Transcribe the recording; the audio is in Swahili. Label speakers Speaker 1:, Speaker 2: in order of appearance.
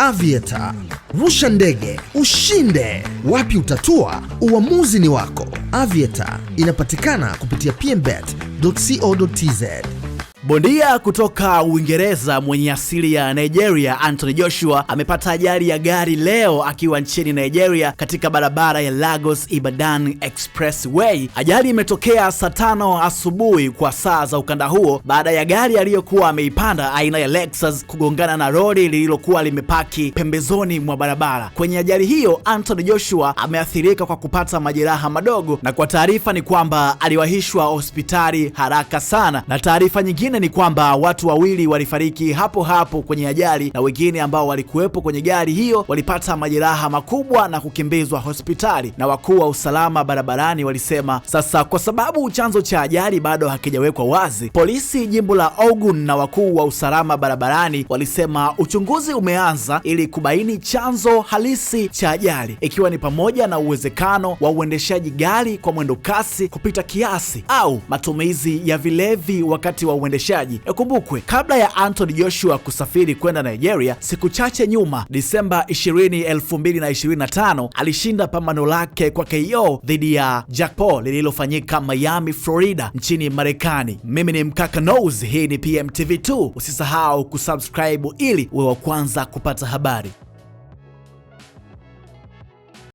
Speaker 1: avieta rusha ndege ushinde. Wapi utatua? Uamuzi ni wako. avieta inapatikana kupitia pmbet.co.tz.
Speaker 2: Bondia kutoka Uingereza mwenye asili ya Nigeria, Anthony Joshua amepata ajali ya gari leo akiwa nchini Nigeria katika barabara ya Lagos Ibadan Expressway. Ajali imetokea saa tano asubuhi kwa saa za ukanda huo baada ya gari aliyokuwa ameipanda aina ya Lexus kugongana na lori lililokuwa limepaki pembezoni mwa barabara. Kwenye ajali hiyo, Anthony Joshua ameathirika kwa kupata majeraha madogo, na kwa taarifa ni kwamba aliwahishwa hospitali haraka sana, na taarifa nyingine Kingine ni kwamba watu wawili walifariki hapo hapo kwenye ajali na wengine ambao walikuwepo kwenye gari hiyo walipata majeraha makubwa na kukimbizwa hospitali, na wakuu wa usalama barabarani walisema sasa, kwa sababu chanzo cha ajali bado hakijawekwa wazi, polisi jimbo la Ogun na wakuu wa usalama barabarani walisema uchunguzi umeanza ili kubaini chanzo halisi cha ajali, ikiwa ni pamoja na uwezekano wa uendeshaji gari kwa mwendo kasi kupita kiasi au matumizi ya vilevi wakati wa uendeshaji usafirishaji. Ikumbukwe, kabla ya Anthony Joshua kusafiri kwenda Nigeria, siku chache nyuma, Disemba 20, 2025 alishinda pambano lake kwa KO dhidi ya Jack Paul lililofanyika Miami, Florida nchini Marekani. Mimi ni Mkaka Knows, hii ni PMTV2. Usisahau kusubscribe ili uwe wa kwanza kupata habari.